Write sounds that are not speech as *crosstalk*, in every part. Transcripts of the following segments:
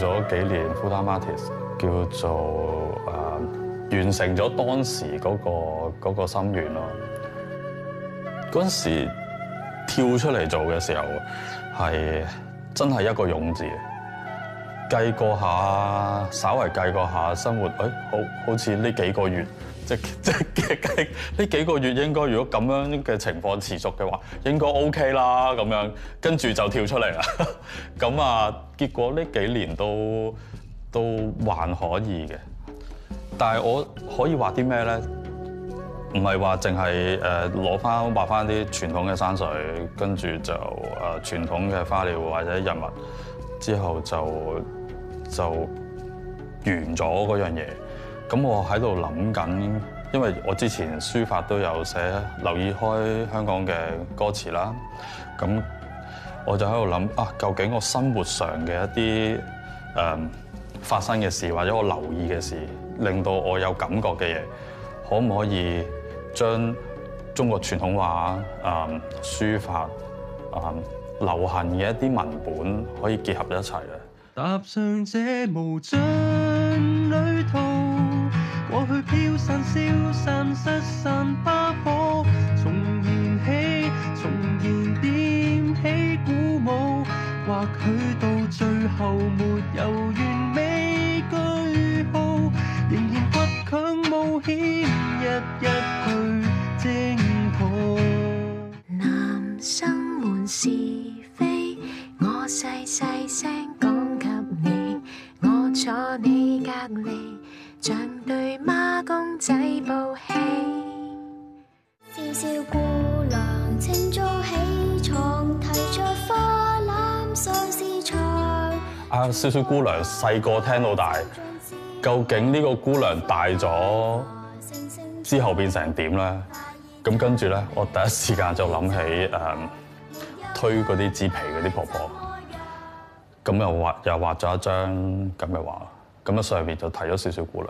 咗幾年 full time artist，叫做誒、呃、完成咗當時嗰、嗰個嗰個心願咯。嗰陣時跳出嚟做嘅時候係真係一個勇字。計過下，稍微計過下生活，誒、哎，好好似呢幾個月，即即係計，呢幾個月應該如果咁樣嘅情況持續嘅話，應該 OK 啦咁樣，跟住就跳出嚟啦。咁 *laughs* 啊，結果呢幾年都都還可以嘅，但係我可以畫啲咩咧？唔係話淨係誒攞翻畫翻啲傳統嘅山水，跟住就誒、呃、傳統嘅花鳥或者人物，之後就。就完咗樣嘢，咁我喺度諗緊，因為我之前書法都有寫，留意開香港嘅歌詞啦，咁我就喺度諗啊，究竟我生活上嘅一啲誒、嗯、發生嘅事，或者我留意嘅事，令到我有感覺嘅嘢，可唔可以將中國傳統畫、誒、嗯、書法、誒、嗯、流行嘅一啲文本可以結合一齊咧？踏上這無盡旅途，過去飄散、消散、失散、花火，重燃起，重燃點起鼓舞，或許到最後沒有完美句號，仍然倔強冒險日日。坐你隔籬，像對孖公仔抱起。小小姑娘清早起床，提着花籃上市場。啊，小小姑娘細個聽到大，究竟呢個姑娘大咗之後變成點咧？咁跟住咧，我第一時間就諗起誒、嗯，推嗰啲紙皮嗰啲婆婆。咁又畫又畫咗一張咁嘅畫，咁啊上面就提咗少少鼓勵。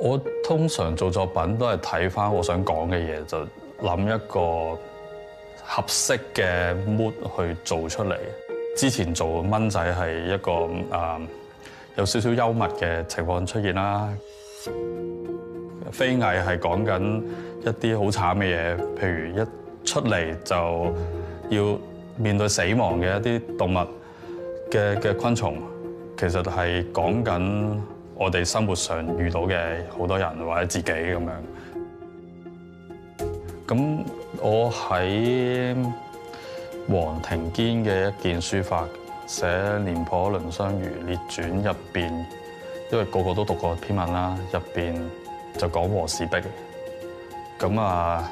我通常做作品都係睇返我想講嘅嘢，就諗一個合適嘅 mood 去做出嚟。之前做蚊仔係一個誒、呃、有少少幽默嘅情況出現啦。飛藝係講緊一啲好慘嘅嘢，譬如一出嚟就要面對死亡嘅一啲動物嘅嘅昆蟲，其實係講緊我哋生活上遇到嘅好多人或者自己咁樣。咁我喺黃庭堅嘅一件書法寫《廉頗藺相如列傳》入邊，因為個個都讀過篇文啦，入邊就講和氏璧。咁啊，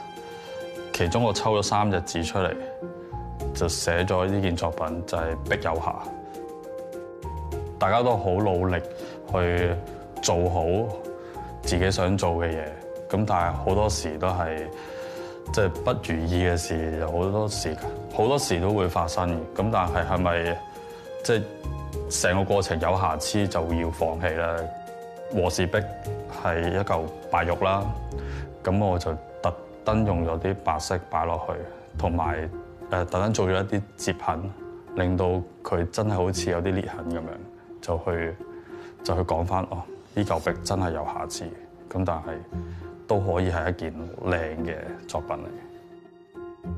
其中我抽咗三隻字出嚟。就寫咗呢件作品，就係璧有瑕。大家都好努力去做好自己想做嘅嘢，咁但係好多時都係即係不如意嘅事，有好多時好多時都會發生。咁但係係咪即係成個過程有瑕疵就要放棄咧？和氏璧係一嚿白玉啦，咁我就特登用咗啲白色擺落去，同埋。誒，特登做咗一啲折痕，令到佢真係好似有啲裂痕咁樣，就去就去講翻哦，呢嚿壁真係有瑕疵，咁但係都可以係一件靚嘅作品嚟。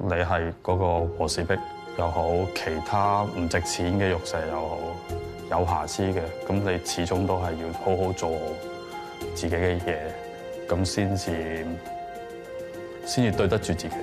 你係嗰個和氏璧又好，其他唔值錢嘅玉石又好，有瑕疵嘅，咁你始終都係要好好做自己嘅嘢，咁先至先至對得住自己。